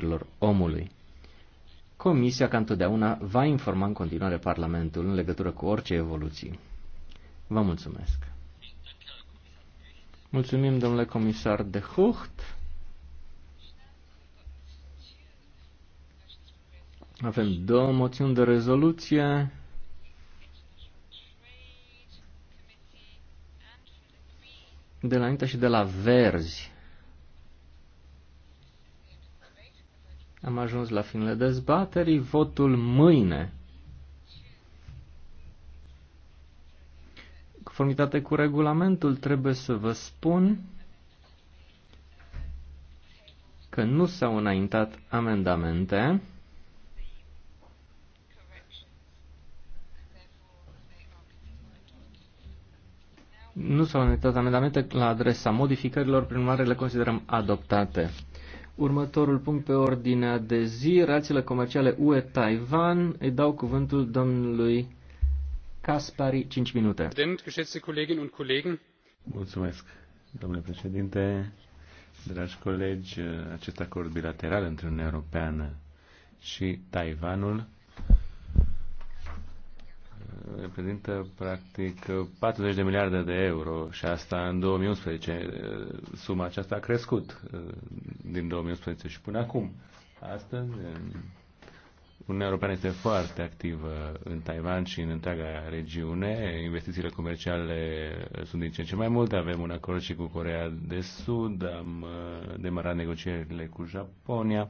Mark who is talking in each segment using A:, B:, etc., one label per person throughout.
A: drepturilor omului. Comisia, ca întotdeauna, va informa în continuare Parlamentul în legătură cu orice evoluții. Vă mulțumesc! Mulțumim, domnule comisar de Hucht. Avem două moțiuni de rezoluție. De la INTA și de la Verzi. Am ajuns la finele dezbaterii. Votul mâine. Conformitate cu regulamentul, trebuie să vă spun că nu s-au înaintat amendamente. Nu s-au înaintat amendamente la adresa modificărilor, prin urmare le considerăm adoptate. Următorul punct pe ordinea de zi, relațiile comerciale UE-Taiwan. Îi dau cuvântul domnului Caspari, 5 minute.
B: Mulțumesc, domnule președinte, dragi colegi, acest acord bilateral între Uniunea Europeană și Taiwanul reprezintă practic 40 de miliarde de euro și asta în 2011. Suma aceasta a crescut uh, din 2011 și până acum. Astăzi uh, Uniunea Europeană este foarte activă în Taiwan și în întreaga regiune. Investițiile comerciale sunt din ce în ce mai multe. Avem un acord și cu Corea de Sud, am uh, demarat negocierile cu Japonia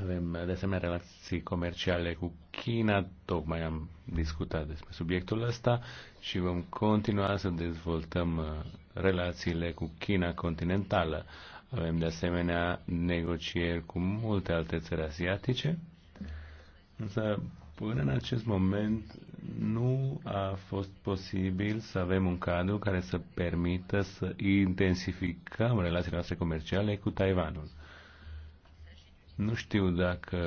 B: avem de asemenea relații comerciale cu China, tocmai am discutat despre subiectul ăsta și vom continua să dezvoltăm uh, relațiile cu China continentală. Avem de asemenea negocieri cu multe alte țări asiatice, însă până în acest moment nu a fost posibil să avem un cadru care să permită să intensificăm relațiile noastre comerciale cu Taiwanul. Nu știu dacă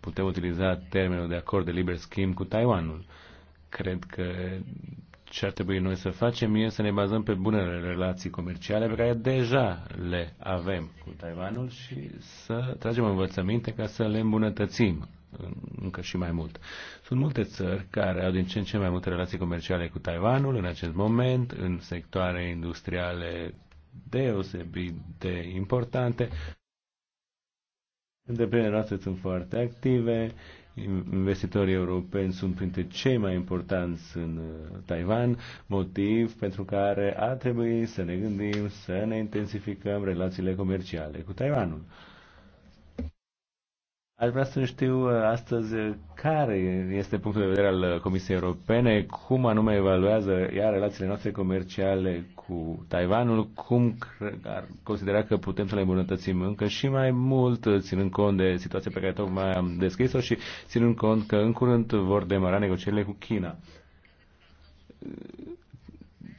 B: putem utiliza termenul de acord de liber schimb cu Taiwanul. Cred că ce ar trebui noi să facem e să ne bazăm pe bunele relații comerciale pe care deja le avem cu Taiwanul și să tragem învățăminte ca să le îmbunătățim încă și mai mult. Sunt multe țări care au din ce în ce mai multe relații comerciale cu Taiwanul în acest moment, în sectoare industriale deosebit de importante Întreprinderile noastre sunt foarte active, investitorii europeni sunt printre cei mai importanți în uh, Taiwan, motiv pentru care ar trebui să ne gândim să ne intensificăm relațiile comerciale cu Taiwanul. Aș vrea să știu uh, astăzi uh, care este punctul de vedere al uh, Comisiei Europene, cum anume evaluează ea relațiile noastre comerciale cu Taiwanul, cum ar considera că putem să le îmbunătățim încă și mai mult, ținând cont de situația pe care tocmai am descris-o și ținând cont că în curând vor demara negocierile cu China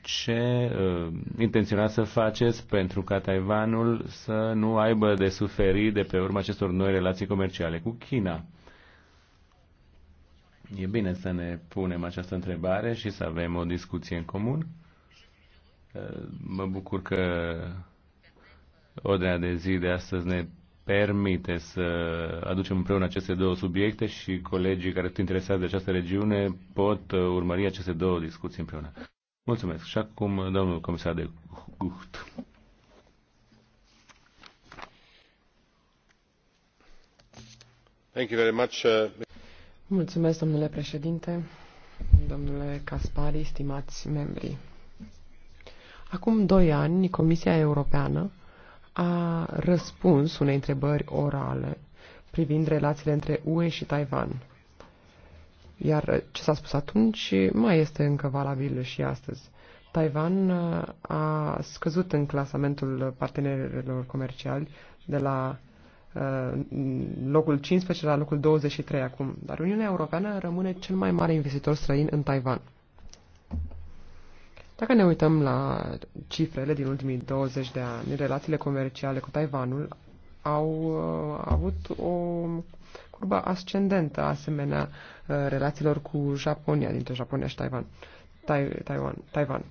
B: ce uh, intenționați să faceți pentru ca Taiwanul să nu aibă de suferit de pe urma acestor noi relații comerciale cu China? E bine să ne punem această întrebare și să avem o discuție în comun. Uh, mă bucur că ordinea de zi de astăzi ne permite să aducem împreună aceste două subiecte și colegii care sunt interesați de această regiune pot uh, urmări aceste două discuții împreună. Mulțumesc. Și acum, domnul comisar de Gucht. Thank you very much. Uh,
C: Mulțumesc, domnule președinte, domnule Caspari, stimați membri. Acum doi ani, Comisia Europeană a răspuns unei întrebări orale privind relațiile între UE și Taiwan. Iar ce s-a spus atunci mai este încă valabil și astăzi. Taiwan uh, a scăzut în clasamentul partenerilor comerciali de la uh, locul 15 la locul 23 acum, dar Uniunea Europeană rămâne cel mai mare investitor străin în Taiwan. Dacă ne uităm la cifrele din ultimii 20 de ani, relațiile comerciale cu Taiwanul au uh, avut o curba ascendentă asemenea uh, relațiilor cu Japonia, dintre Japonia și Taiwan. Tai, Taiwan, Taiwan,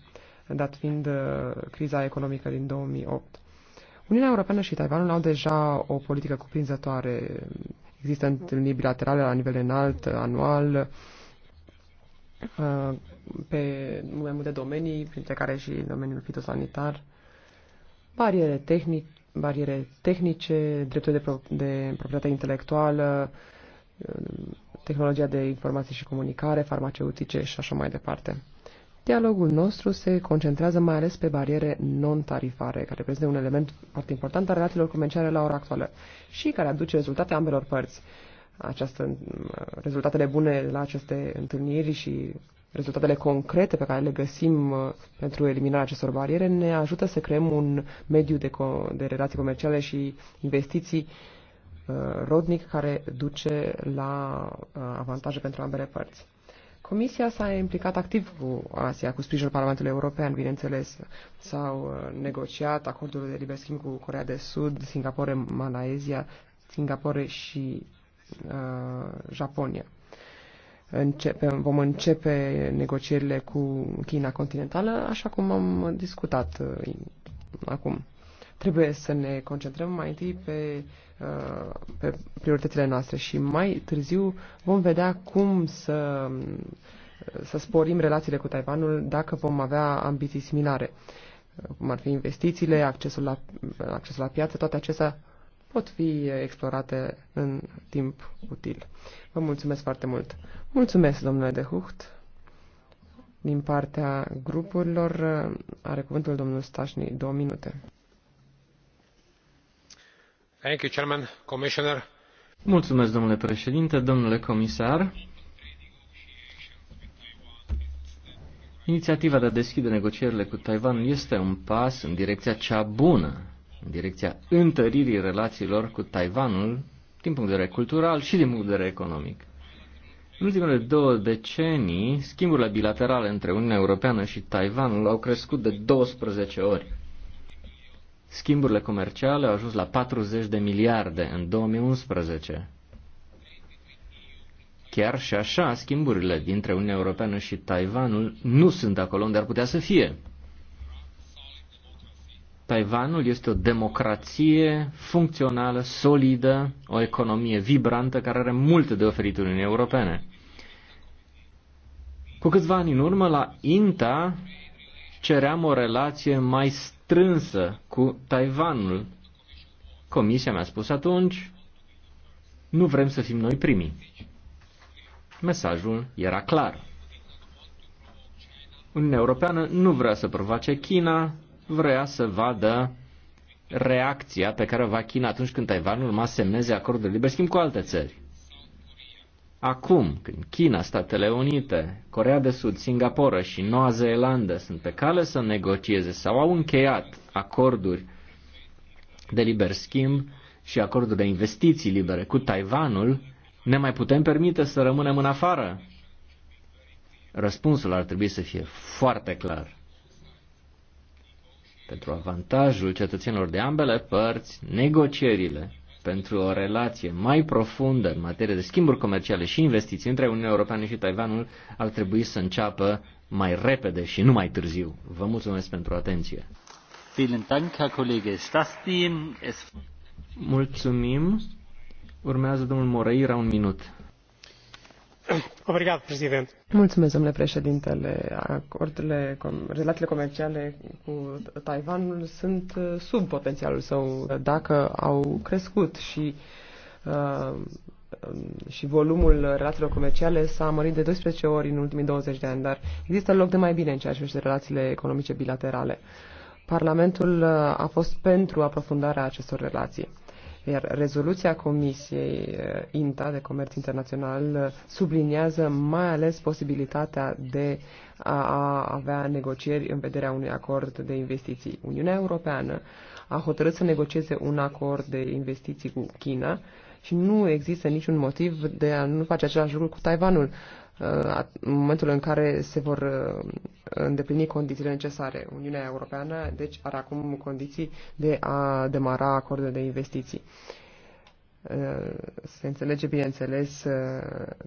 C: dat fiind uh, criza economică din 2008. Uniunea Europeană și Taiwanul au deja o politică cuprinzătoare. Există întâlniri bilaterale la nivel înalt, uh, anual, pe mai multe domenii, printre care și domeniul fitosanitar, bariere tehnice, bariere tehnice, drepturi de, pro- de proprietate intelectuală, tehnologia de informații și comunicare, farmaceutice și așa mai departe. Dialogul nostru se concentrează mai ales pe bariere non-tarifare, care reprezintă un element foarte important al relațiilor comerciale la ora actuală și care aduce rezultate ambelor părți. Această, rezultatele bune la aceste întâlniri și rezultatele concrete pe care le găsim uh, pentru eliminarea acestor bariere ne ajută să creăm un mediu de, co- de relații comerciale și investiții uh, rodnic care duce la uh, avantaje pentru ambele părți. Comisia s-a implicat activ cu Asia, cu sprijinul Parlamentului European, bineînțeles. S-au negociat acordul de liber schimb cu Corea de Sud, Singapore, Malaezia, Singapore și uh, Japonia începe, vom începe negocierile cu China continentală, așa cum am discutat uh, acum. Trebuie să ne concentrăm mai întâi pe, uh, pe prioritățile noastre și mai târziu vom vedea cum să, să sporim relațiile cu Taiwanul dacă vom avea ambiții similare cum ar fi investițiile, accesul la, accesul la piață, toate acestea pot fi explorate în timp util. Vă mulțumesc foarte mult. Mulțumesc, domnule de Hucht. Din partea grupurilor uh, are cuvântul domnul Stașni, două minute.
D: Thank you, Chairman, Commissioner.
A: Mulțumesc, domnule președinte, domnule comisar. Inițiativa de a deschide negocierile cu Taiwan este un pas în direcția cea bună în direcția întăririi relațiilor cu Taiwanul din punct de vedere cultural și din punct de vedere economic. În ultimele două decenii, schimburile bilaterale între Uniunea Europeană și Taiwanul au crescut de 12 ori. Schimburile comerciale au ajuns la 40 de miliarde în 2011. Chiar și așa, schimburile dintre Uniunea Europeană și Taiwanul nu sunt acolo unde ar putea să fie. Taiwanul este o democrație funcțională, solidă, o economie vibrantă care are multe de oferit Uniunii Europene. Cu câțiva ani în urmă, la INTA ceream o relație mai strânsă cu Taiwanul. Comisia mi-a spus atunci, nu vrem să fim noi primii. Mesajul era clar. Uniunea Europeană nu vrea să provoace China, vrea să vadă reacția pe care o va China atunci când Taiwanul urma semneze acordul de liber schimb cu alte țări. Acum, când China, Statele Unite, Corea de Sud, Singapore și Noua Zeelandă sunt pe cale să negocieze sau au încheiat acorduri de liber schimb și acorduri de investiții libere cu Taiwanul, ne mai putem permite să rămânem în afară? Răspunsul ar trebui să fie foarte clar pentru avantajul cetățenilor de ambele părți, negocierile pentru o relație mai profundă în materie de schimburi comerciale și investiții între Uniunea Europeană și Taiwanul ar trebui să înceapă mai repede și nu mai târziu. Vă mulțumesc pentru atenție. Mulțumim. Urmează domnul Moreira un minut.
C: Mulțumesc, domnule președintele. Acordurile, relațiile comerciale cu Taiwanul sunt uh, sub potențialul său. Dacă au crescut și uh, um, și volumul relațiilor comerciale s-a mărit de 12 ori în ultimii 20 de ani, dar există loc de mai bine în ceea ce privește relațiile economice bilaterale. Parlamentul uh, a fost pentru aprofundarea acestor relații. Iar rezoluția Comisiei eh, INTA de Comerț Internațional eh, subliniază mai ales posibilitatea de a avea negocieri în vederea unui acord de investiții. Uniunea Europeană a hotărât să negocieze un acord de investiții cu China și nu există niciun motiv de a nu face același lucru cu Taiwanul uh, în momentul în care se vor uh, îndeplini condițiile necesare. Uniunea Europeană, deci, are acum condiții de a demara acordul de investiții. Eh, se înțelege, bineînțeles, eh,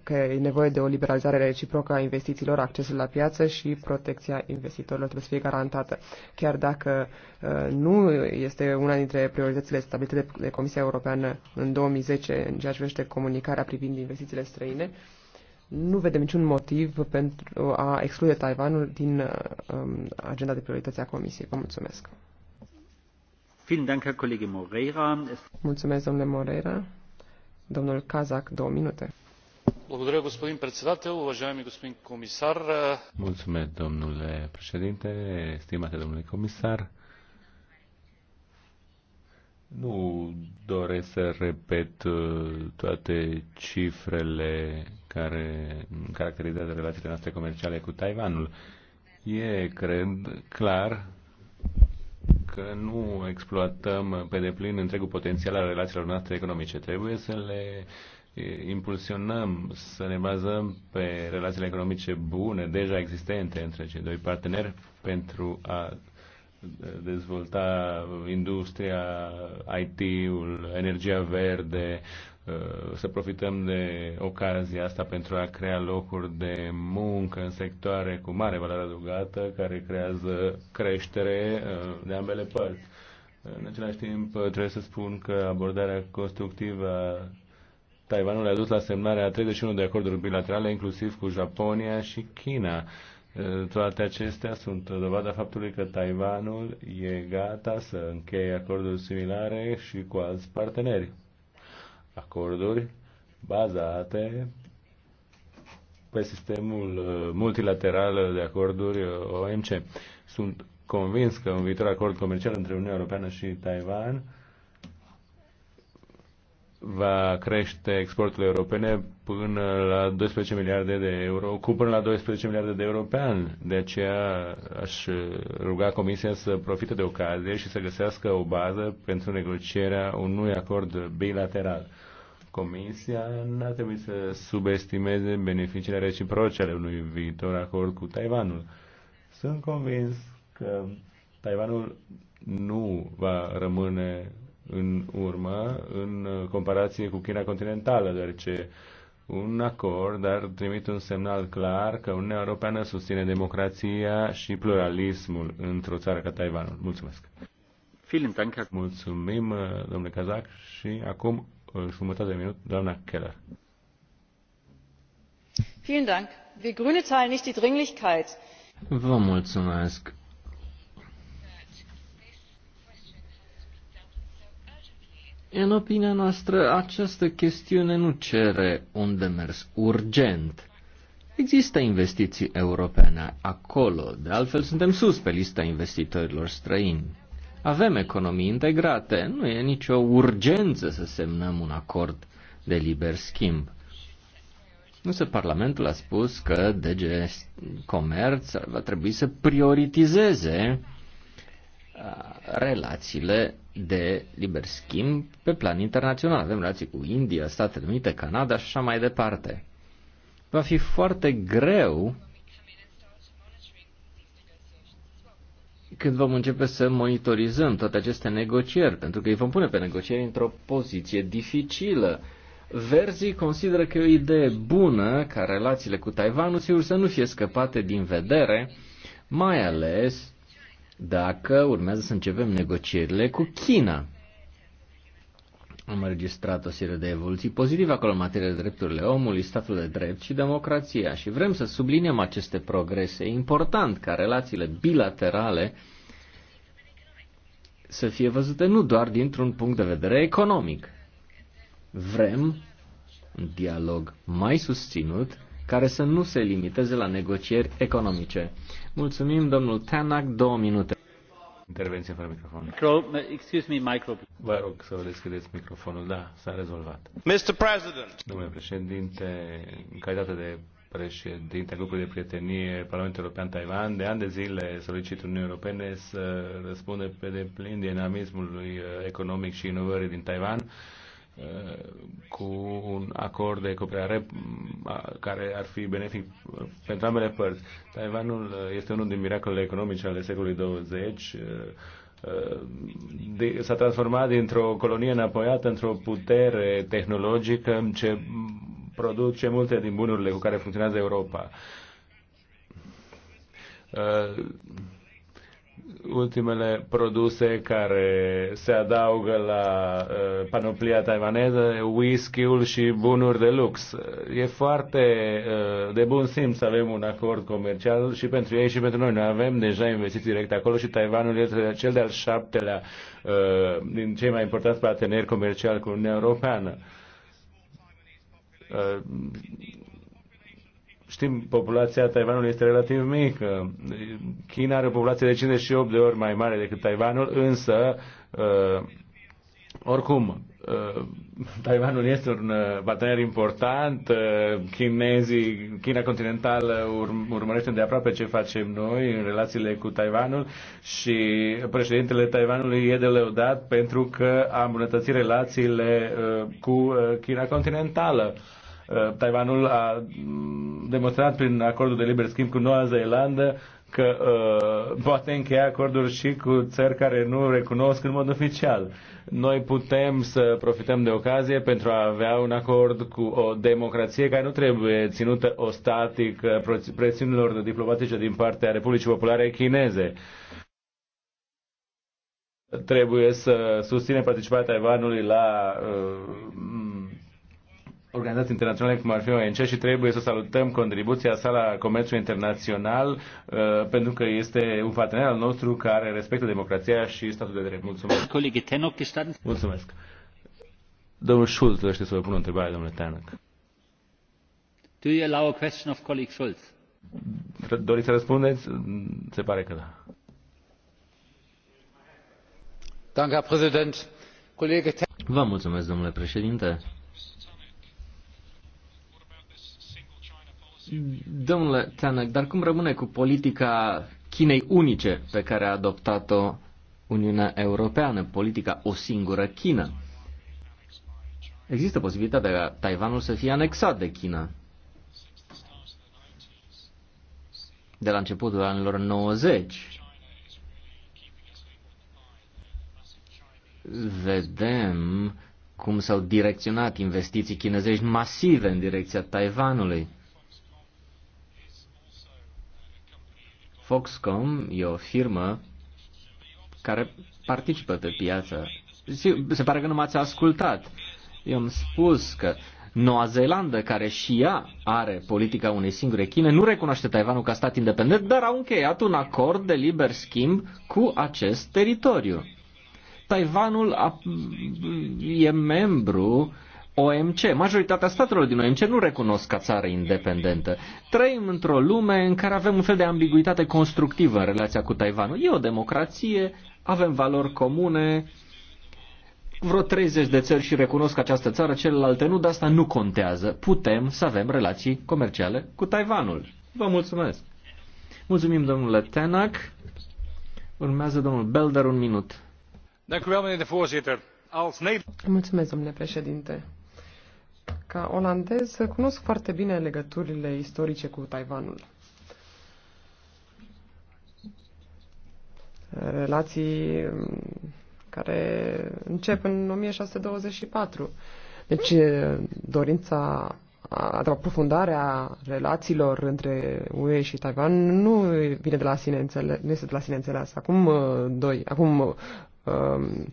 C: că e nevoie de o liberalizare reciprocă a investițiilor, accesul la piață și protecția investitorilor trebuie să fie garantată. Chiar dacă eh, nu este una dintre prioritățile stabilite de Comisia Europeană în 2010 în ceea ce vește comunicarea privind investițiile străine, nu vedem niciun motiv pentru a exclude Taiwanul din um, agenda de priorități a Comisiei. Vă mulțumesc! Mulțumesc, domnule Moreira. Domnul Kazak, două minute.
B: Mulțumesc, domnule președinte, stimate domnule comisar. Nu doresc să repet uh, toate cifrele care caracterizează relațiile noastre comerciale cu Taiwanul. E, cred, clar că nu exploatăm pe deplin întregul potențial al relațiilor noastre economice. Trebuie să le impulsionăm, să ne bazăm pe relațiile economice bune, deja existente între cei doi parteneri, pentru a dezvolta industria, IT-ul, energia verde, Uh, să profităm de ocazia asta pentru a crea locuri de muncă în sectoare cu mare valoare adăugată, care creează creștere uh, de ambele părți. În același timp, trebuie să spun că abordarea constructivă a Taiwanului a dus la semnarea 31 de acorduri bilaterale, inclusiv cu Japonia și China. Uh, toate acestea sunt dovada faptului că Taiwanul e gata să încheie acorduri similare și cu alți parteneri acorduri bazate pe sistemul uh, multilateral de acorduri uh, OMC. Sunt convins că un viitor acord comercial între Uniunea Europeană și Taiwan va crește exporturile europene până la 12 miliarde de euro, cu până la 12 miliarde de euro pe an. De aceea aș uh, ruga Comisia să profite de ocazie și să găsească o bază pentru negocierea unui acord bilateral. Comisia n a trebuit să subestimeze beneficiile reciproce ale unui viitor acord cu Taiwanul. Sunt convins că Taiwanul nu va rămâne în urmă în comparație cu China continentală, deoarece un acord ar trimite un semnal clar că Uniunea Europeană susține democrația și pluralismul într-o țară ca Taiwanul. Mulțumesc! Mulțumim, domnule Kazak, și acum jumătate de minut, doamna Keller.
A: Vielen Dank. Wir Grüne teilen nicht die Dringlichkeit. Vă mulțumesc. În opinia noastră, această chestiune nu cere un demers urgent. Există investiții europene acolo, de altfel suntem sus pe lista investitorilor străini. Avem economii integrate, nu e nicio urgență să semnăm un acord de liber schimb. Însă Parlamentul a spus că DG Comerț va trebui să prioritizeze uh, relațiile de liber schimb pe plan internațional. Avem relații cu India, Statele Unite, Canada și așa mai departe. Va fi foarte greu când vom începe să monitorizăm toate aceste negocieri, pentru că îi vom pune pe negocieri într-o poziție dificilă. Verzii consideră că e o idee bună ca relațiile cu Taiwanul sigur să nu fie scăpate din vedere, mai ales dacă urmează să începem negocierile cu China. Am înregistrat o serie de evoluții pozitive acolo în materie de drepturile omului, statul de drept și democrația și vrem să subliniem aceste progrese. E important ca relațiile bilaterale să fie văzute nu doar dintr-un punct de vedere economic. Vrem un dialog mai susținut care să nu se limiteze la negocieri economice. Mulțumim, domnul Tanak, două minute. Intervenție fără microfon.
B: Micro, excuse me, micro. Vă rog să vă deschideți microfonul. Da, s-a rezolvat. Mr. President. Domnule președinte, în calitate de președinte al grupului de prietenie Parlamentul European Taiwan, de ani de zile solicit Uniunii Europene să răspundă pe deplin dinamismului uh, economic și inovării din Taiwan cu un acord de cooperare care ar fi benefic pentru ambele părți. Taiwanul uh, este unul din miracolele economice ale secolului 20. Uh, uh, s-a transformat dintr-o colonie înapoiată într-o putere tehnologică ce produce multe din bunurile cu care funcționează Europa ultimele produse care se adaugă la uh, panoplia taiwaneză, whisky-ul și bunuri de lux. E foarte uh, de bun simț să avem un acord comercial și pentru ei și pentru noi. Noi avem deja investiții directe acolo și Taiwanul este cel de-al șaptelea uh, din cei mai importanți parteneri comerciali cu Uniunea Europeană. Uh, Știm, populația Taiwanului este relativ mică. China are o populație de 58 de ori mai mare decât Taiwanul, însă, uh, oricum, uh, Taiwanul este un uh, partener important. Uh, chinezii, China continentală ur- urmărește de aproape ce facem noi în relațiile cu Taiwanul și președintele Taiwanului e de lăudat pentru că a îmbunătățit relațiile uh, cu uh, China continentală. Uh, Uh, Taiwanul a mm, demonstrat prin acordul de liber schimb cu Noua Zeelandă că uh, poate încheia acorduri și cu țări care nu recunosc în mod oficial. Noi putem să profităm de ocazie pentru a avea un acord cu o democrație care nu trebuie ținută static uh, presiunilor diplomatice din partea Republicii Populare Chineze. Trebuie să susținem participarea Taiwanului la uh, organizații internaționale cum ar fi ONC și trebuie să salutăm contribuția sa la comerțul internațional uh, pentru că este un partener al nostru care respectă democrația și statul de drept. Mulțumesc. Mulțumesc. Domnul Schulz dorește să vă pun o întrebare, domnule Tanăc.
A: Do you allow a question
D: of colleague Schulz?
B: Doriți să răspundeți? Se pare că da.
A: Vă mulțumesc, domnule președinte. Domnule Țanăc, dar cum rămâne cu politica Chinei unice pe care a adoptat-o Uniunea Europeană, politica o singură China? Există posibilitatea ca Taiwanul să fie anexat de China. De la începutul anilor 90, vedem cum s-au direcționat investiții chinezești masive în direcția Taiwanului. Foxcom e o firmă care participă pe piață. Se pare că nu m-ați ascultat. Eu am spus că Noua Zeelandă, care și ea are politica unei singure Chine, nu recunoaște Taiwanul ca stat independent, dar au încheiat un acord de liber schimb cu acest teritoriu. Taiwanul a, e membru OMC. Majoritatea statelor din OMC nu recunosc ca țară independentă. Trăim într-o lume în care avem un fel de ambiguitate constructivă în relația cu Taiwanul. E o democrație, avem valori comune, vreo 30 de țări și recunosc această țară, celelalte nu, dar asta nu contează. Putem să avem relații comerciale cu Taiwanul. Vă mulțumesc! Mulțumim, domnule Tenac. Urmează domnul Belder un minut.
C: Mulțumesc, domnule președinte. Ca olandez, cunosc foarte bine legăturile istorice cu Taiwanul. Relații mm, care încep în 1624. Deci, dorința aprofundarea relațiilor între UE și Taiwan nu vine de la sine înțeles, nu este de la sine înțeles. Acum uh, doi, acum um,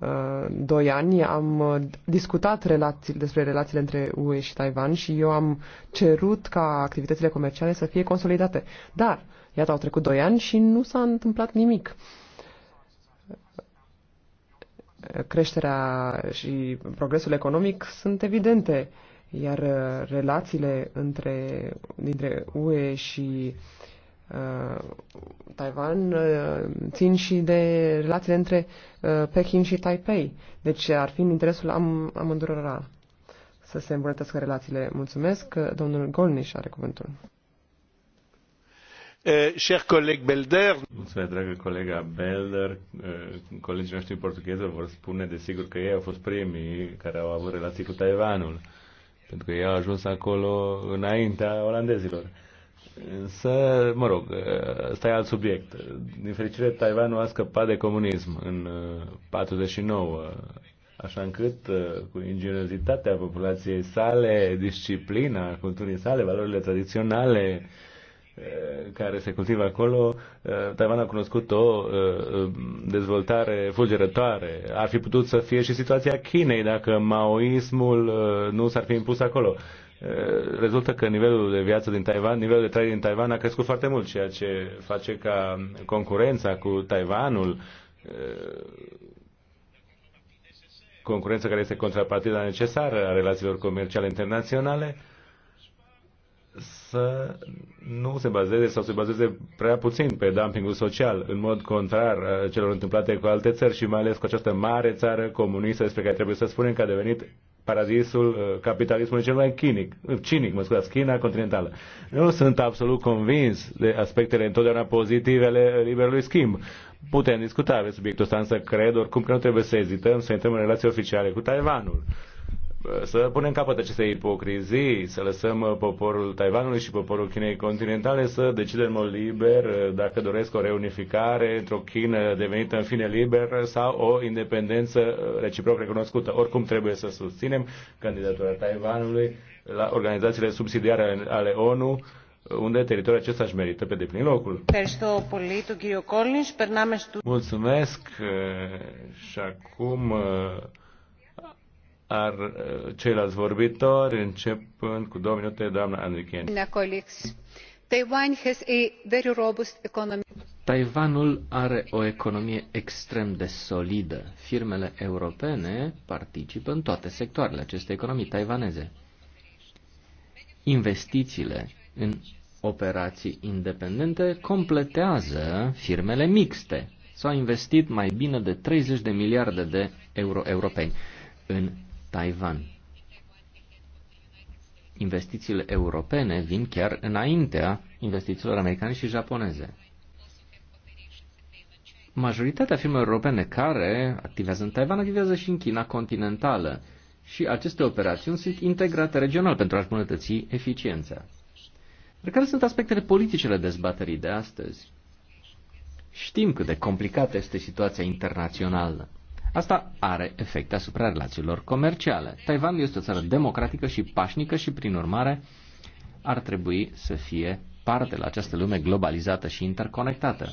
C: Uh, doi ani am uh, discutat relații, despre relațiile între UE și Taiwan și eu am cerut ca activitățile comerciale să fie consolidate. Dar, iată, au trecut doi ani și nu s-a întâmplat nimic. Creșterea și progresul economic sunt evidente, iar uh, relațiile între, dintre UE și uh, Uh, Taiwan uh, țin și de relațiile între uh, Pekin și Taipei. Deci ar fi în interesul am, amândurora să se îmbunătățească relațiile. Mulțumesc. Domnul Golniș are cuvântul.
B: Eh, cher coleg Belder. Mulțumesc, dragă colega Belder. Eh, colegii noștri portughezi vor spune, desigur, că ei au fost primii care au avut relații cu Taiwanul, pentru că ei au ajuns acolo înaintea olandezilor. Însă, mă rog, ăsta e alt subiect. Din fericire, Taiwanul a scăpat de comunism în 49, uh, așa încât uh, cu ingeniozitatea populației sale, disciplina culturii sale, valorile tradiționale uh, care se cultivă acolo, Taiwan a cunoscut o dezvoltare fulgerătoare. Ar fi putut să fie și situația Chinei dacă maoismul nu s-ar fi impus acolo rezultă că nivelul de viață din Taiwan, nivelul de trai din Taiwan a crescut foarte mult, ceea ce face ca concurența cu Taiwanul, eh, concurența care este contrapartida necesară a relațiilor comerciale internaționale, să nu se bazeze sau se bazeze prea puțin pe dumpingul social, în mod contrar eh, celor întâmplate cu alte țări și mai ales cu această mare țară comunistă despre care trebuie să spunem că a devenit paradisul uh, capitalismului cel mai chinic, uh, cinic, mă scuzați, China continentală. Nu sunt absolut convins de aspectele întotdeauna pozitive ale liberului schimb. Putem discuta pe subiectul ăsta, însă cred oricum că nu trebuie să ezităm să intrăm în relații oficiale cu Taiwanul să punem capăt acestei ipocrizii, să lăsăm poporul Taiwanului și poporul Chinei continentale să decidă în mod liber uh, dacă doresc o reunificare într-o China devenită în fine liberă sau o independență uh, reciproc recunoscută. Oricum trebuie să susținem candidatura Taiwanului la organizațiile subsidiare ale ONU uh, unde teritoriul acesta își merită pe deplin locul. Mulțumesc și acum ar uh, ceilalți vorbitori, începând cu două minute, doamna Andrichien.
A: Taiwanul are o economie extrem de solidă. Firmele europene participă în toate sectoarele acestei economii taiwaneze. Investițiile în operații independente completează firmele mixte. S-au investit mai bine de 30 de miliarde de euro europeni în Taiwan. Investițiile europene vin chiar înaintea investițiilor americane și japoneze. Majoritatea firmelor europene care activează în Taiwan activează și în China continentală și aceste operațiuni sunt integrate regional pentru a-și bunătăți eficiența. Dar care sunt aspectele politicele dezbaterii de astăzi? Știm cât de complicată este situația internațională. Asta are efect asupra relațiilor comerciale. Taiwan este o țară democratică și pașnică și, prin urmare, ar trebui să fie parte la această lume globalizată și interconectată.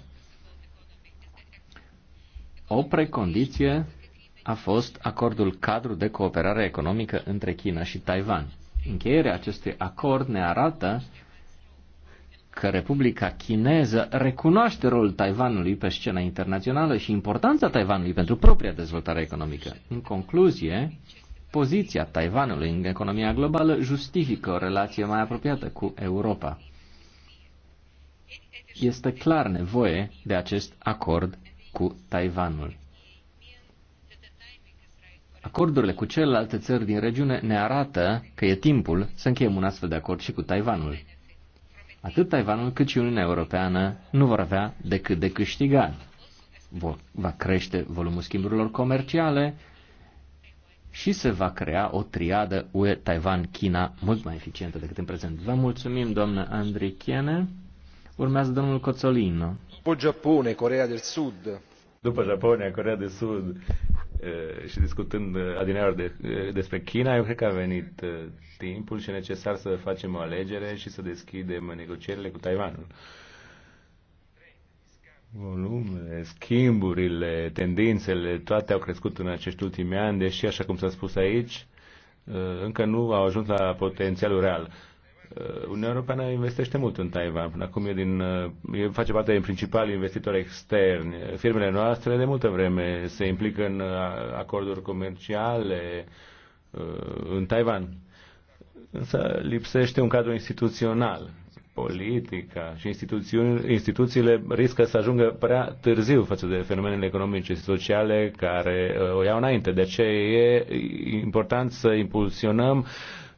A: O precondiție a fost acordul cadru de cooperare economică între China și Taiwan. Încheierea acestui acord ne arată că Republica Chineză recunoaște rolul Taiwanului pe scena internațională și importanța Taiwanului pentru propria dezvoltare economică. În concluzie, poziția Taiwanului în economia globală justifică o relație mai apropiată cu Europa. Este clar nevoie de acest acord cu Taiwanul. Acordurile cu celelalte țări din regiune ne arată că e timpul să încheiem un astfel de acord și cu Taiwanul atât Taiwanul cât și Uniunea Europeană nu vor avea decât de câștigat. Va crește volumul schimburilor comerciale și se va crea o triadă UE-Taiwan-China mult mai eficientă decât în prezent. Vă mulțumim, doamnă Chiene. Urmează domnul Coțolino.
D: După Japonia, Corea
B: de Sud. După Japonia, Corea de Sud
A: Eh, și discutând eh,
B: adineori de, eh, despre China, eu cred că a venit timpul și necesar să facem o alegere și să deschidem negocierile cu Taiwanul. Volumele, schimburile, tendințele, toate au crescut în acești ultimi ani, deși, așa cum s-a spus aici, încă nu au ajuns la potențialul real. Uh, Uniunea Europeană investește mult în Taiwan. Până acum e din, uh, e, face parte din principalii investitori externi. Firmele noastre de multă vreme se implică în uh, acorduri comerciale în Taiwan. Însă lipsește un cadru instituțional. Politica și instituțiile riscă să ajungă prea târziu față de fenomenele economice și sociale care o iau înainte. De aceea e important să impulsionăm uh,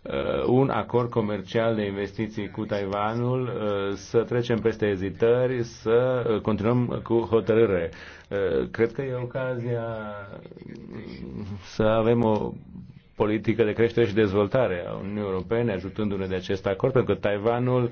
B: Uh, un acord comercial de investiții cu Taiwanul, uh, să trecem peste ezitări, să uh, continuăm cu hotărâre. Cred că e ocazia mm, să avem o politică de creștere și dezvoltare a Uniunii Europene, ajutându-ne de acest acord, pentru că Taiwanul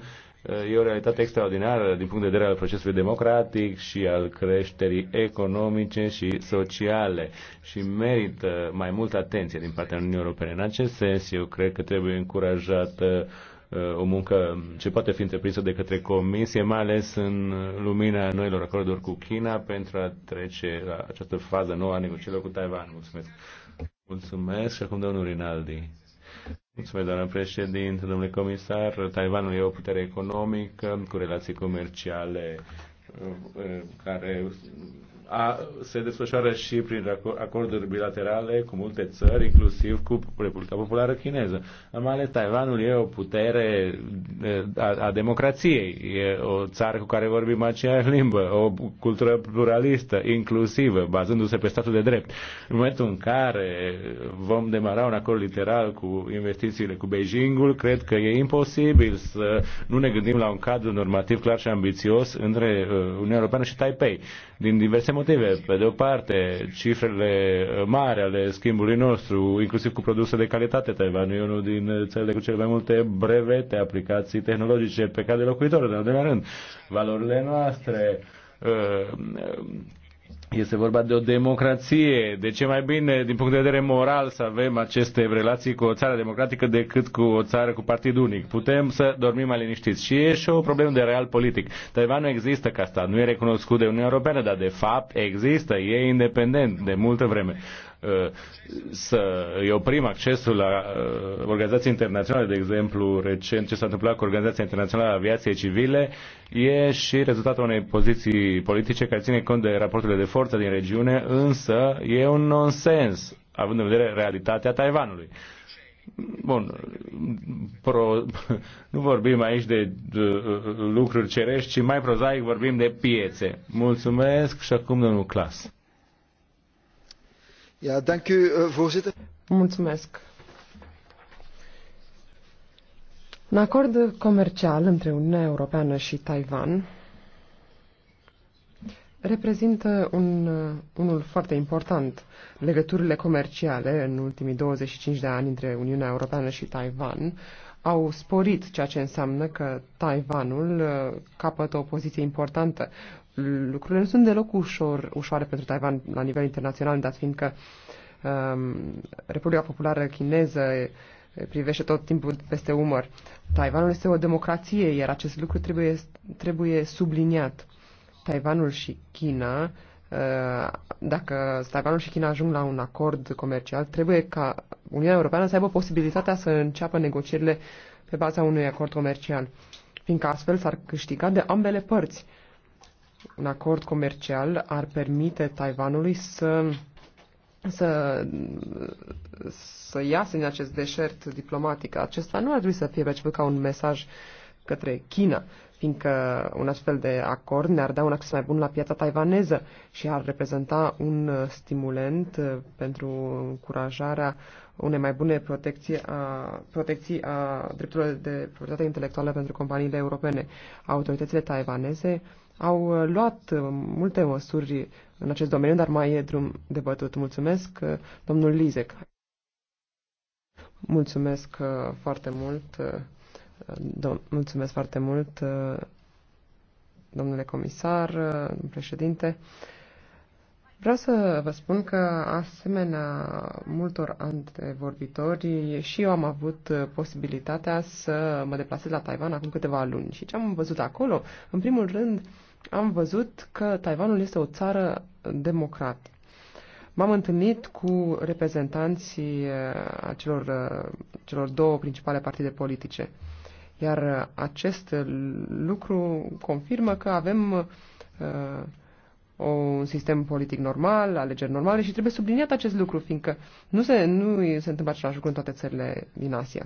B: E o realitate extraordinară din punct de vedere al procesului democratic și al creșterii economice și sociale și merită mai multă atenție din partea Uniunii Europene. În acest sens, eu cred că trebuie încurajată uh, o muncă ce poate fi întreprinsă de către Comisie, mai ales în lumina noilor acorduri cu China, pentru a trece la această fază nouă a negocierilor cu Taiwan. Mulțumesc! Mulțumesc și acum domnul Rinaldi. Mulțumesc, doamnă președinte, domnule comisar. Taiwanul e o putere economică cu relații comerciale uh, care a, se desfășoară și prin acorduri bilaterale cu multe țări, inclusiv cu Republica Populară Chineză. Mai ales Taiwanul e o putere a, a democrației, e o țară cu care vorbim aceeași limbă, o cultură pluralistă, inclusivă, bazându-se pe statul de drept. În momentul în care vom demara un acord literal cu investițiile cu Beijingul, cred că e imposibil să nu ne gândim la un cadru normativ clar și ambițios între uh, Uniunea Europeană și Taipei, din diverse motive. Pe de o parte, cifrele mari ale schimbului nostru, inclusiv cu produse de calitate, Taiwan e unul din țările cu cele mai multe brevete, aplicații tehnologice pe care de locuitor, de al doilea rând. Valorile noastre, uh, este vorba de o democrație. De ce mai bine, din punct de vedere moral, să avem aceste relații cu o țară democratică decât cu o țară cu partid unic? Putem să dormim mai liniștiți. Și e și o problemă de real politic. Taiwan nu există ca stat, nu e recunoscut de Uniunea Europeană, dar de fapt există, e independent de multă vreme. Uh, să îi oprim accesul la uh, organizații internaționale, de exemplu, recent ce s-a întâmplat cu Organizația Internațională a Aviației Civile, e și rezultatul unei poziții politice care ține cont de raporturile de forță din regiune, însă e un nonsens, având în vedere realitatea Taiwanului. Bun, pro, nu vorbim aici de, lucruri cerești, ci mai prozaic vorbim de piețe. Mulțumesc și acum domnul Clas.
D: Eh, voorzitter.
C: Mulțumesc. Un acord comercial între Uniunea Europeană și Taiwan reprezintă un, eh, unul foarte important. Legăturile comerciale în ultimii 25 de ani între Uniunea Europeană și Taiwan au sporit ceea ce înseamnă că Taiwanul eh, capătă o poziție importantă lucrurile nu sunt deloc ușor, ușoare pentru Taiwan la nivel internațional, dat fiindcă um, Republica Populară Chineză eh, privește tot timpul peste umăr. Taiwanul este o democrație, iar acest lucru trebuie, trebuie subliniat. Taiwanul și China, eh, dacă Taiwanul și China ajung la un acord comercial, trebuie ca Uniunea Europeană să aibă posibilitatea să înceapă negocierile pe baza unui acord comercial, fiindcă astfel s-ar câștiga de ambele părți. Un acord comercial ar permite Taiwanului să să, să iasă din acest deșert diplomatic. Acesta nu ar trebui să fie perceput ca un mesaj către China, fiindcă un astfel de acord ne-ar da un acces mai bun la piața taiwaneză și ar reprezenta un stimulent uh, pentru încurajarea unei mai bune protecții a, protecții a drepturilor de proprietate intelectuală pentru companiile europene. Autoritățile taiwaneze uh, au uh, luat uh, multe măsuri în acest domeniu, dar mai e drum de bătut. Mulțumesc, uh, domnul Lizec. Mulțumesc foarte mult, mulțumesc foarte mult, domnule comisar, președinte. Vreau să vă spun că, asemenea multor antevorbitori, și eu am avut posibilitatea să mă deplasez la Taiwan acum câteva luni. Și ce am văzut acolo, în primul rând, am văzut că Taiwanul este o țară democrat. M-am întâlnit cu reprezentanții eh, acelor, eh, celor două principale partide politice. Iar eh, acest lucru confirmă că avem uh, un sistem politic normal, alegeri normale și trebuie subliniat acest lucru, fiindcă nu se, nu se întâmplă același lucru în toate țările din Asia.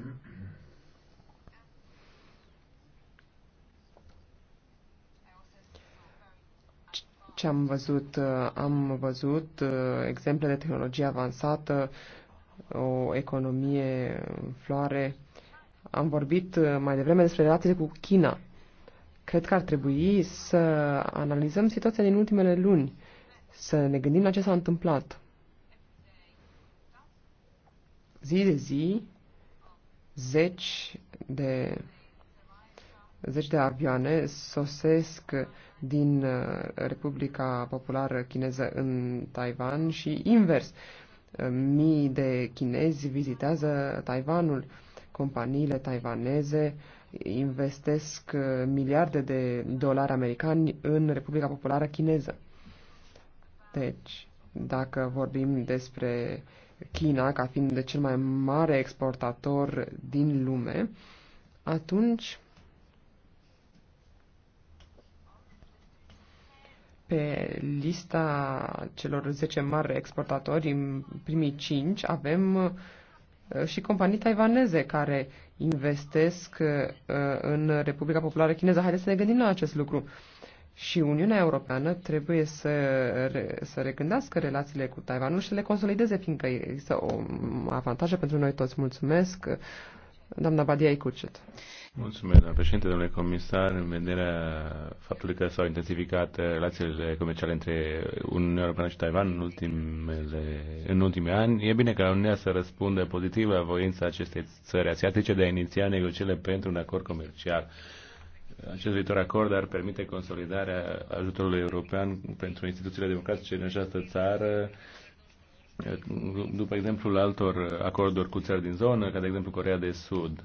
C: ce am văzut? Uh, am văzut uh, exemple de tehnologie avansată, o economie în floare. Am vorbit uh, mai devreme despre relațiile cu China. Cred că ar trebui să analizăm situația din ultimele luni, să ne gândim la ce s-a întâmplat. Zi de zi, zeci de zeci de avioane sosesc din uh, Republica Populară Chineză în Taiwan și invers. Uh, mii de chinezi vizitează Taiwanul. Companiile taiwaneze investesc uh, miliarde de dolari americani în Republica Populară Chineză. Deci, dacă vorbim despre China ca fiind de cel mai mare exportator din lume, atunci Pe lista celor 10 mari exportatori, în primii 5, avem uh, și companii taiwaneze care investesc uh, în Republica Populară Chineză. Haideți să ne gândim la acest lucru. Și Uniunea Europeană trebuie să, re, să regândească relațiile cu Taiwanul și să le consolideze, fiindcă există o avantaje pentru noi toți. Mulțumesc, doamna Badia Icucet.
B: Mulțumesc, doamna președinte, domnule comisar. În vederea faptului că s-au intensificat relațiile comerciale între Uniunea Europeană și Taiwan în, ultimele, în ultimii ani, e bine ca Uniunea să răspundă pozitiv la voința acestei țări asiatice de a iniția negocierile pentru un acord comercial. Acest viitor acord ar permite consolidarea ajutorului european pentru instituțiile democratice în această țară, după la altor acorduri cu țări din zonă, ca de exemplu Corea de Sud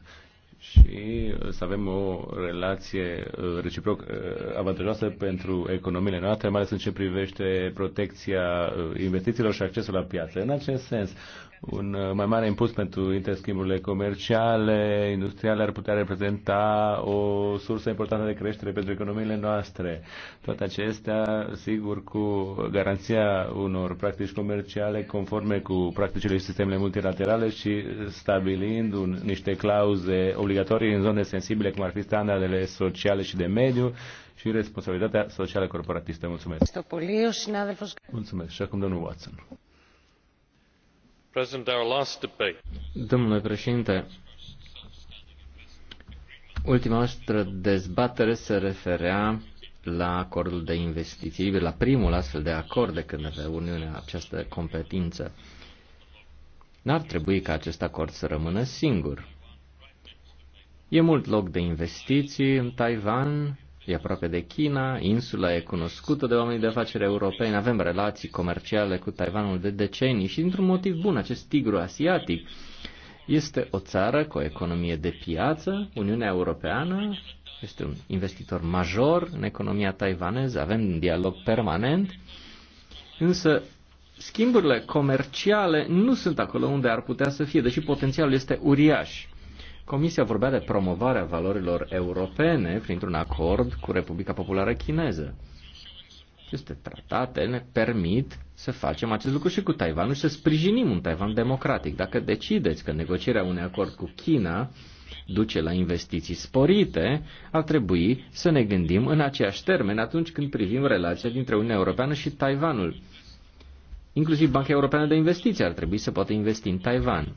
B: și uh, să avem o relație uh, reciproc uh, avantajoasă pentru economiile noastre, mai ales în ce privește protecția investițiilor și accesul la piață. În acest sens, un uh, mai mare impuls pentru interschimburile comerciale, industriale ar putea reprezenta o sursă importantă de creștere pentru economiile noastre. Toate acestea, sigur, cu garanția unor practici comerciale conforme cu practicile și sistemele multilaterale și stabilind un, niște clauze obligatorii în zone sensibile, cum ar fi standardele sociale și de mediu și responsabilitatea socială corporatistă. Mulțumesc.
A: Mulțumesc. Și acum domnul Watson. Domnule președinte, ultima noastră dezbatere se referea la acordul de investiții, la primul astfel de acord de când avea Uniunea această competință. N-ar trebui ca acest acord să rămână singur. E mult loc de investiții în Taiwan, e aproape de China, insula e cunoscută de oamenii de afaceri europeni, avem relații comerciale cu Taiwanul de decenii și dintr-un motiv bun, acest tigru asiatic este o țară cu o economie de piață, Uniunea Europeană este un investitor major în economia taiwaneză, avem un dialog permanent, însă schimburile comerciale nu sunt acolo unde ar putea să fie, deși potențialul este uriaș. Comisia vorbea de promovarea valorilor europene printr-un acord cu Republica Populară Chineză. Aceste tratate ne permit să facem acest lucru și cu Taiwanul și să sprijinim un Taiwan democratic. Dacă decideți că negocierea unui acord cu China duce la investiții sporite, ar trebui să ne gândim în aceeași termen atunci când privim relația dintre Uniunea Europeană și Taiwanul. Inclusiv Banca Europeană de Investiții ar trebui să poată investi în Taiwan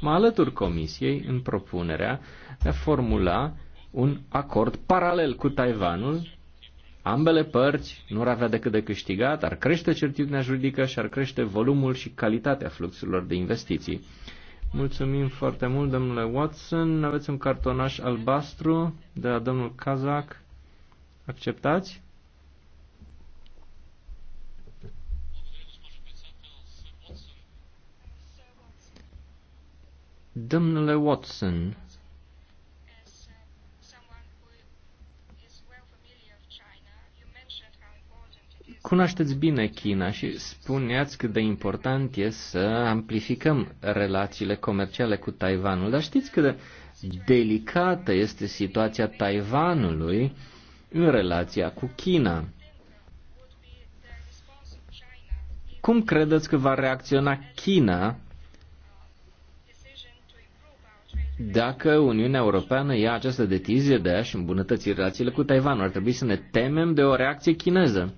A: mă alătur Comisiei în propunerea de a formula un acord paralel cu Taiwanul. Ambele părți nu ar avea decât de câștigat, ar crește certitudinea juridică și ar crește volumul și calitatea fluxurilor de investiții. Mulțumim foarte mult, domnule Watson. Aveți un cartonaș albastru de la domnul Kazak. Acceptați? Domnule Watson, cunoașteți bine China și spuneați cât de important e să amplificăm relațiile comerciale cu Taiwanul, dar știți cât de delicată este situația Taiwanului în relația cu China. Cum credeți că va reacționa China dacă Uniunea Europeană ia această decizie de a-și îmbunătăți relațiile cu Taiwanul. Ar trebui să ne temem de o reacție chineză.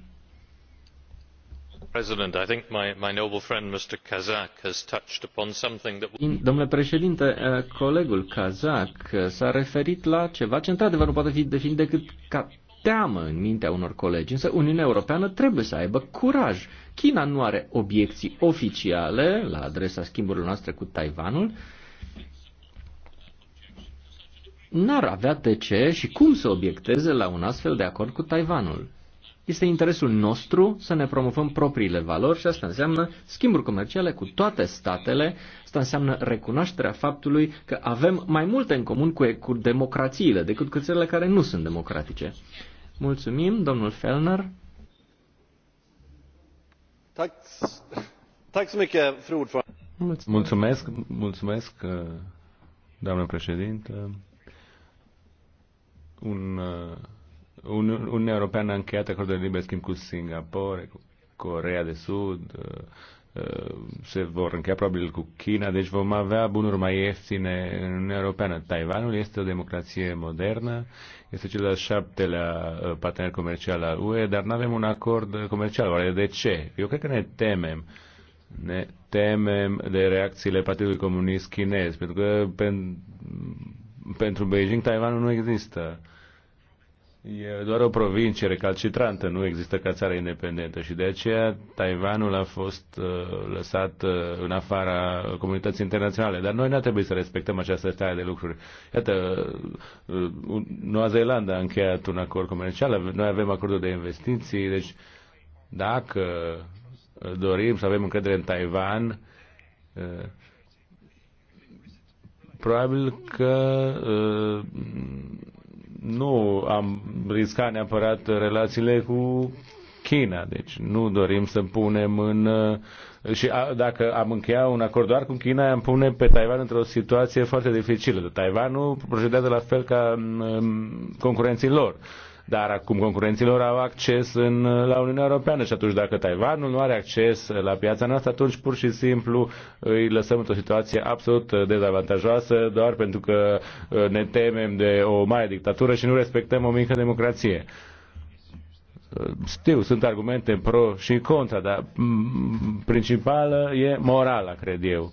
A: Domnule președinte, uh, colegul Kazak uh, s-a referit la ceva ce într-adevăr nu poate fi definit decât ca teamă în mintea unor colegi, însă Uniunea Europeană trebuie să aibă curaj. China nu are obiecții oficiale la adresa schimburilor noastre cu Taiwanul, n-ar avea de ce și cum să obiecteze la un astfel de acord cu Taiwanul. Este interesul nostru să ne promovăm propriile valori și asta înseamnă schimburi comerciale cu toate statele, asta înseamnă recunoașterea faptului că avem mai multe în comun cu, cu democrațiile decât cu țările care nu sunt democratice. Mulțumim, domnul Fellner. Mulțumesc,
B: mulțumesc, doamnă președintă. Uh, un, un, Uniunea Europeană a încheiat acordul de liber schimb cu Singapore, cu Corea de Sud, uh, uh, se vor încheia probabil cu China, deci vom avea bunuri mai ieftine în Uniunea Europeană. Taiwanul este o democrație modernă, este cel de-al șaptelea partener comercial al UE, dar nu avem un acord comercial. Oare de ce? Eu cred că ne temem. Ne temem de reacțiile Partidului Comunist Chinez, pentru că pentru Beijing, Taiwanul nu există. E doar o provincie recalcitrantă, nu există ca țară independentă și de aceea Taiwanul a fost uh, lăsat uh, în afara comunității internaționale. Dar noi nu trebuie să respectăm această stare de lucruri. Iată, uh, Noua Zeelandă a încheiat un acord comercial, noi avem acordul de investiții, deci dacă dorim să avem încredere în Taiwan, uh, Probabil că ă, nu am riscat neapărat relațiile cu China, deci nu dorim să punem în... Ă, și a, dacă am încheia un acord doar cu China, am pune pe Taiwan într-o situație foarte dificilă. Taiwanul procedează la fel ca ă, concurenții lor. Dar acum concurenții lor au acces în, la Uniunea Europeană și atunci dacă Taiwanul nu are acces la piața noastră, atunci pur și simplu îi lăsăm într-o situație absolut dezavantajoasă doar pentru că uh, ne temem de o mare dictatură și nu respectăm o mică democrație uh, știu, sunt argumente pro și contra, dar mm, principală e morala, cred eu.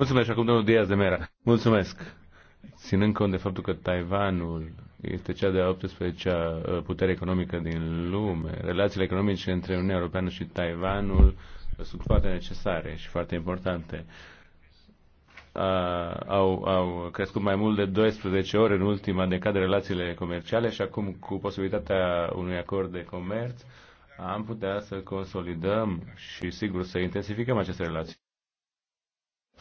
D: Mulțumesc acum domnul Diaz de Mera.
B: Mulțumesc. Ținând cont de faptul că Taiwanul este cea de-a 18-a uh, putere economică din lume, relațiile economice între Uniunea Europeană și Taiwanul uh, sunt foarte necesare și foarte importante. A, au, au crescut mai mult de 12 ori în ultima decadă relațiile comerciale și acum cu posibilitatea unui acord de comerț am putea să consolidăm și sigur să intensificăm aceste relații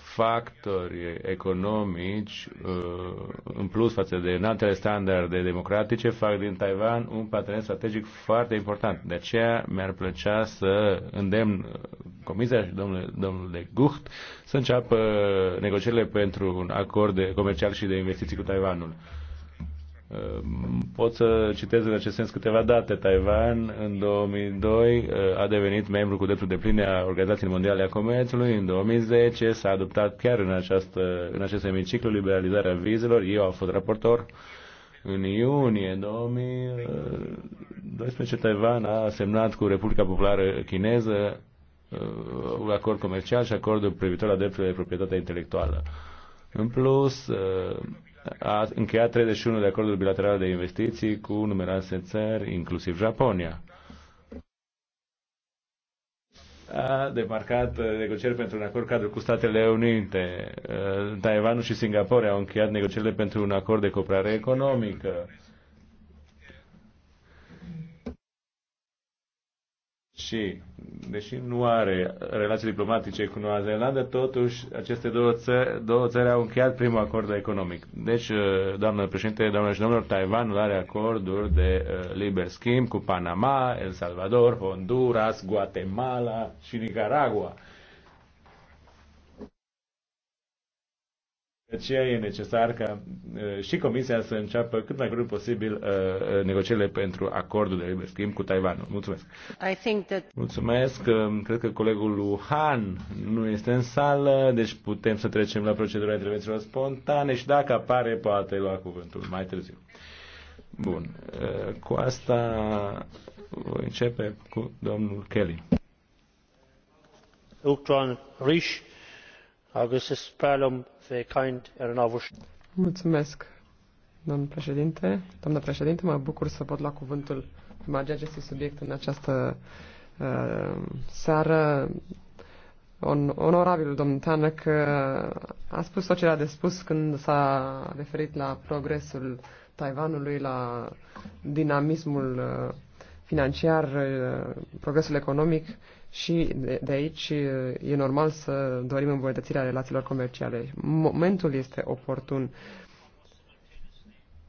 B: factori economici uh, în plus față de înaltele standarde democratice fac din Taiwan un partener strategic foarte important. De aceea mi-ar plăcea să îndemn uh, Comisia și domnul, domnul de Gucht să înceapă negocierile pentru un acord de comercial și de investiții cu Taiwanul. Ehm, pot să citez în acest sens câteva date. Taiwan în 2002 eh, a devenit membru cu dreptul de plin a Organizației Mondiale a Comerțului. În 2010 s-a adoptat chiar în, această, în acest semiciclu liberalizarea vizelor. Eu am fost raportor. În iunie 2012 eh, Taiwan a semnat cu Republica Populară Chineză eh, un acord comercial și acordul privitor la drepturile de proprietate intelectuală. În plus, a încheiat 31 de acorduri bilaterale de investiții cu numeroase țări, inclusiv Japonia. A demarcat uh, negocieri pentru un acord cadru cu Statele Unite. Uh, Taiwanul și Singapore au încheiat negocierile pentru un acord de cooperare economică. Și, deși nu are relații diplomatice cu Noua Zeelandă, totuși aceste două țări, două țări au încheiat primul acord economic. Deci, uh, doamnă președinte, doamnă și domnilor, Taiwanul are acorduri de uh, liber schimb cu Panama, El Salvador, Honduras, Guatemala și Nicaragua. De aceea e necesar ca uh, și Comisia să înceapă cât mai curând posibil uh, uh, negocierile pentru acordul de liber schimb cu Taiwanul. Mulțumesc! I think that... Mulțumesc! Um, cred că colegul Luhan nu este în sală, deci putem să trecem la procedura intervențiilor spontane și dacă apare, poate lua cuvântul mai târziu. Bun. Cu asta voi începe cu domnul Kelly.
D: Uctron Riș, Augustus Palom,
C: Mulțumesc, domnul președinte. Doamna președinte, mă bucur să pot lua cuvântul în marginea acestui subiect în această uh, seară. On, onorabil domnul Tanăc uh, a spus tot ce a de spus când s-a referit la progresul Taiwanului, la dinamismul uh, financiar, uh, progresul economic și de, de aici e normal să dorim îmbunătățirea relațiilor comerciale. Momentul este oportun,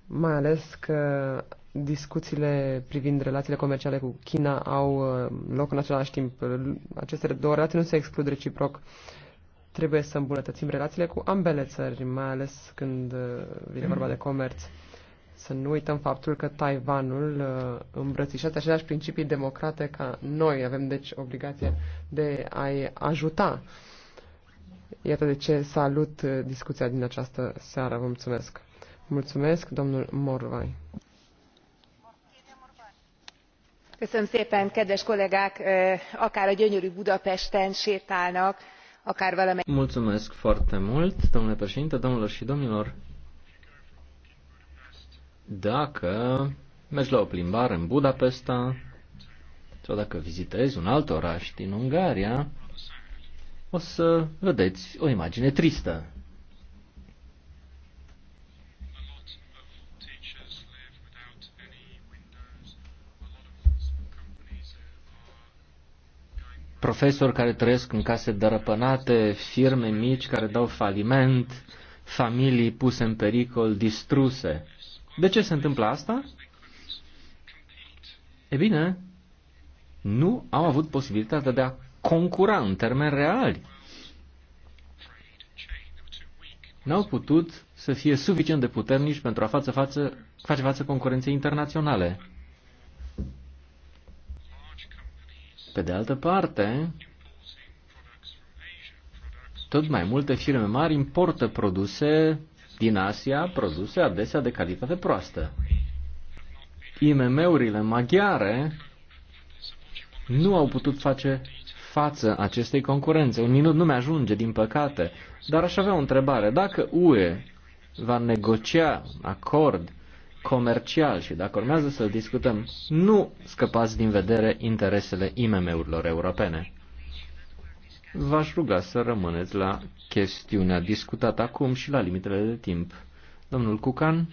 C: mai ales că discuțiile privind relațiile comerciale cu China au uh, loc în același timp. Aceste două relații nu se exclud reciproc. Trebuie să îmbunătățim relațiile cu ambele țări, mai ales când uh, vine vorba de comerț. Să nu uităm faptul că Taiwanul uh, îmbrățișează aceleași principii democrate ca noi. Avem deci obligația de a-i ajuta. Iată de ce salut uh, discuția din această seară. Vă mulțumesc. Mulțumesc, domnul Morvai.
A: Köszönöm szépen, kedves kollégák! Uh, akár a gyönyörű Budapesten sétálnak, akár valamelyik. Mulțumesc foarte mult, domnule președinte, domnilor și domnilor! dacă mergi la o plimbare în Budapesta sau dacă vizitezi un alt oraș din Ungaria, o să vedeți o imagine tristă. Profesori care trăiesc în case dărăpânate, firme mici care dau faliment, familii puse în pericol, distruse. De ce se întâmplă asta? E bine, nu au avut posibilitatea de a concura în termeni reali. N-au putut să fie suficient de puternici pentru a face față, face față concurenței internaționale. Pe de altă parte, tot mai multe firme mari importă produse din Asia produse adesea de calitate proastă. IMM-urile maghiare nu au putut face față acestei concurențe. Un minut nu mi-ajunge, din păcate, dar aș avea o întrebare. Dacă UE va negocia acord comercial și dacă urmează să-l discutăm, nu scăpați din vedere interesele IMM-urilor europene v-aș ruga să rămâneți la chestiunea discutată acum și la limitele de timp. Domnul Cucan.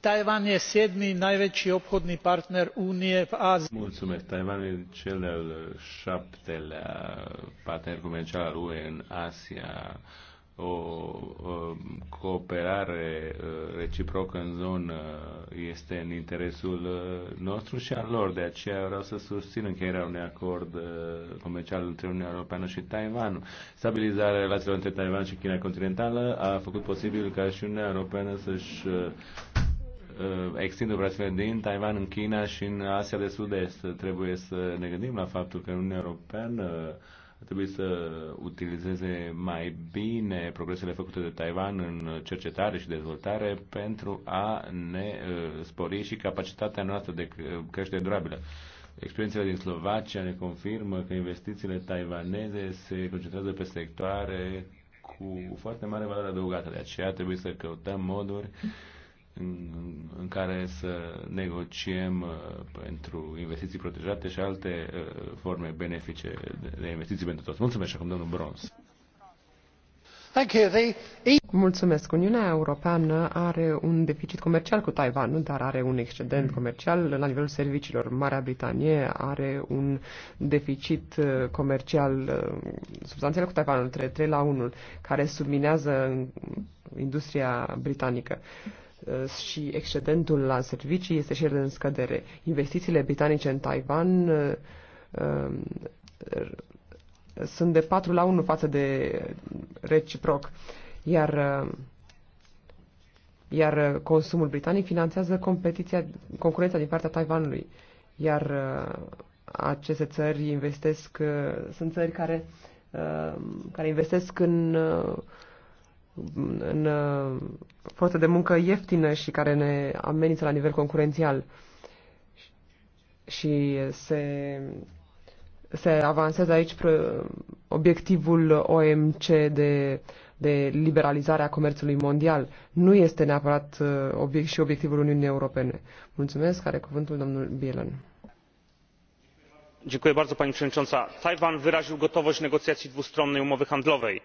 A: Taiwan e sedmi najveći obchodni partner Unie v Azii.
B: Mulțumesc. Taiwan e cel de-al șaptelea partener comercial al UE în Asia o cooperare uh, reciprocă în zonă este în interesul uh, nostru și al lor. De aceea vreau să susțin încheierea unui acord uh, comercial între Uniunea Europeană și Taiwan. Stabilizarea relațiilor între Taiwan și China continentală a făcut posibil ca și Uniunea Europeană să-și extinde operațiunile din Taiwan în China și în Asia de Sud-Est. Trebuie să ne gândim la faptul că Uniunea Europeană trebuie să utilizeze mai bine progresele făcute de Taiwan în cercetare și dezvoltare pentru a ne uh, spori și capacitatea noastră de uh, creștere durabilă. Experiențele din Slovacia ne confirmă că investițiile taiwaneze se concentrează pe sectoare cu foarte mare valoare adăugată. De aceea trebuie să căutăm moduri în, în care să negociem uh, pentru investiții protejate și alte uh, forme benefice de investiții pentru toți. Mulțumesc acum, domnul Brons.
C: Mulțumesc. Uniunea Europeană are un deficit comercial cu Taiwan, dar are un excedent mm. comercial la nivelul serviciilor. Marea Britanie are un deficit uh, comercial substanțial cu Taiwan, între 3 la 1, care subminează industria britanică. Uh, Uh, și excedentul la servicii este și el în scădere. Investițiile britanice în Taiwan uh, um, sunt de 4 la 1 față de reciproc, iar uh, iar consumul britanic finanțează competiția, concurența din partea Taiwanului. Iar aceste țări investesc, sunt țări care, care investesc în în uh, forță de muncă ieftină și care ne amenință la nivel concurențial. Și se, se avansează aici obiectivul OMC de, de liberalizare a comerțului mondial. Nu este neapărat uh, obiect și obiectivul Uniunii Europene. Mulțumesc. Are cuvântul domnul Bielan
D: pani przewodnicząca!
B: tajwan wyraził gotowość negocjacji dwustronnej umowy handlowej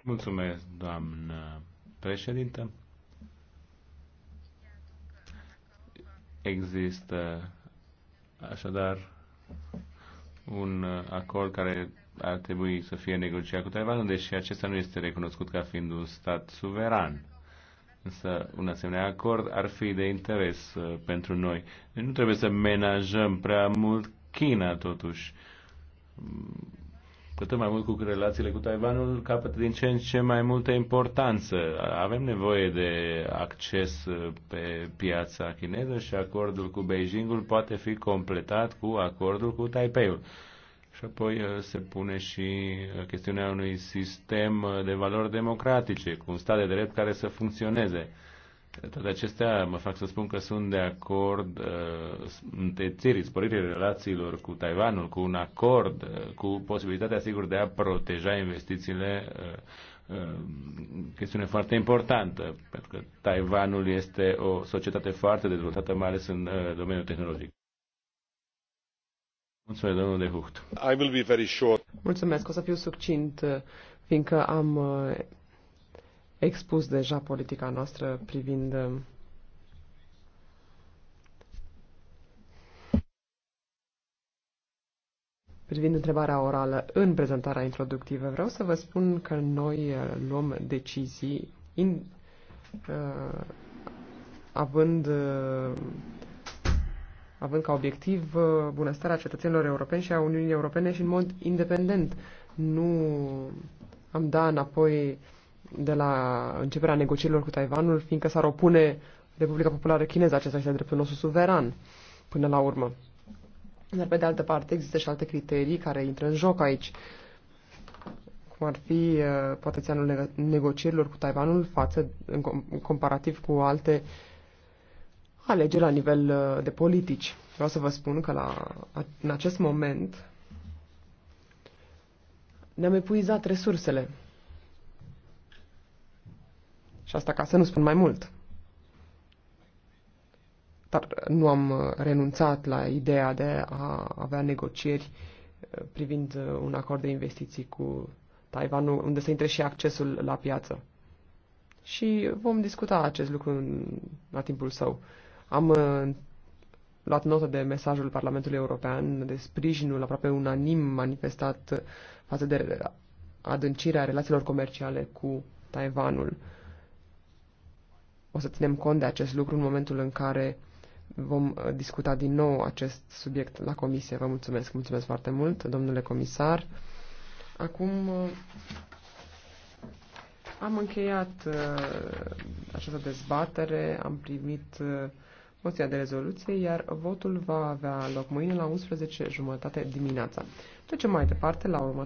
B: președinte. Există așadar un acord care ar trebui să fie negociat cu Taiwanul, deși acesta nu este recunoscut ca fiind un stat suveran. Însă un asemenea acord ar fi de interes uh, pentru noi. Nu trebuie să menajăm prea mult China, totuși cu atât mai mult cu relațiile cu Taiwanul capătă din ce în ce mai multă importanță. Avem nevoie de acces uh, pe piața chineză și acordul cu Beijingul poate fi completat cu acordul cu Taipeiul. Și apoi uh, se pune și uh, chestiunea unui sistem de valori democratice, cu un stat de drept care să funcționeze. Toate acestea mă fac să spun că sunt de acord uh, întețirii, sporirii relațiilor cu Taiwanul, cu un acord, uh, cu posibilitatea, sigur, de a proteja investițiile. Uh, uh chestiune foarte importantă, pentru că Taiwanul este o societate foarte dezvoltată, mai ales în uh, domeniul tehnologic. Mulțumesc, domnul de Hucht. I will be very short.
C: Mulțumesc, o să fiu succint, uh, fiindcă am expus deja politica noastră privind um, privind întrebarea orală în prezentarea introductivă. Vreau să vă spun că noi uh, luăm decizii in, uh, având uh, având ca obiectiv uh, bunăstarea cetățenilor europeni și a Uniunii Europene și în mod independent. Nu am dat înapoi uh, de la începerea negocierilor cu Taiwanul, fiindcă s-ar opune Republica Populară Chineză, acesta este dreptul nostru suveran, până la urmă. Dar, pe de altă parte, există și alte criterii care intră în joc aici, cum ar fi uh, potențialul negocierilor cu Taiwanul față, în comparativ cu alte alegeri la nivel uh, de politici. Vreau să vă spun că la, în acest moment ne-am epuizat resursele și asta ca să nu spun mai mult. Dar nu am uh, renunțat la ideea de a avea negocieri uh, privind uh, un acord de investiții cu Taiwanul, unde să intre și accesul la piață. Și vom discuta acest lucru în, la timpul său. Am luat notă de mesajul Parlamentului European, de sprijinul aproape unanim manifestat față de adâncirea relațiilor comerciale cu Taiwanul. O să ținem cont de acest lucru în momentul în care vom uh, discuta din nou acest subiect la comisie. Vă mulțumesc, mulțumesc foarte mult, domnule comisar. Acum uh, am încheiat uh, această dezbatere, am primit moția de rezoluție, iar votul va avea loc mâine la 11.30 dimineața. Trecem mai departe la următoarea.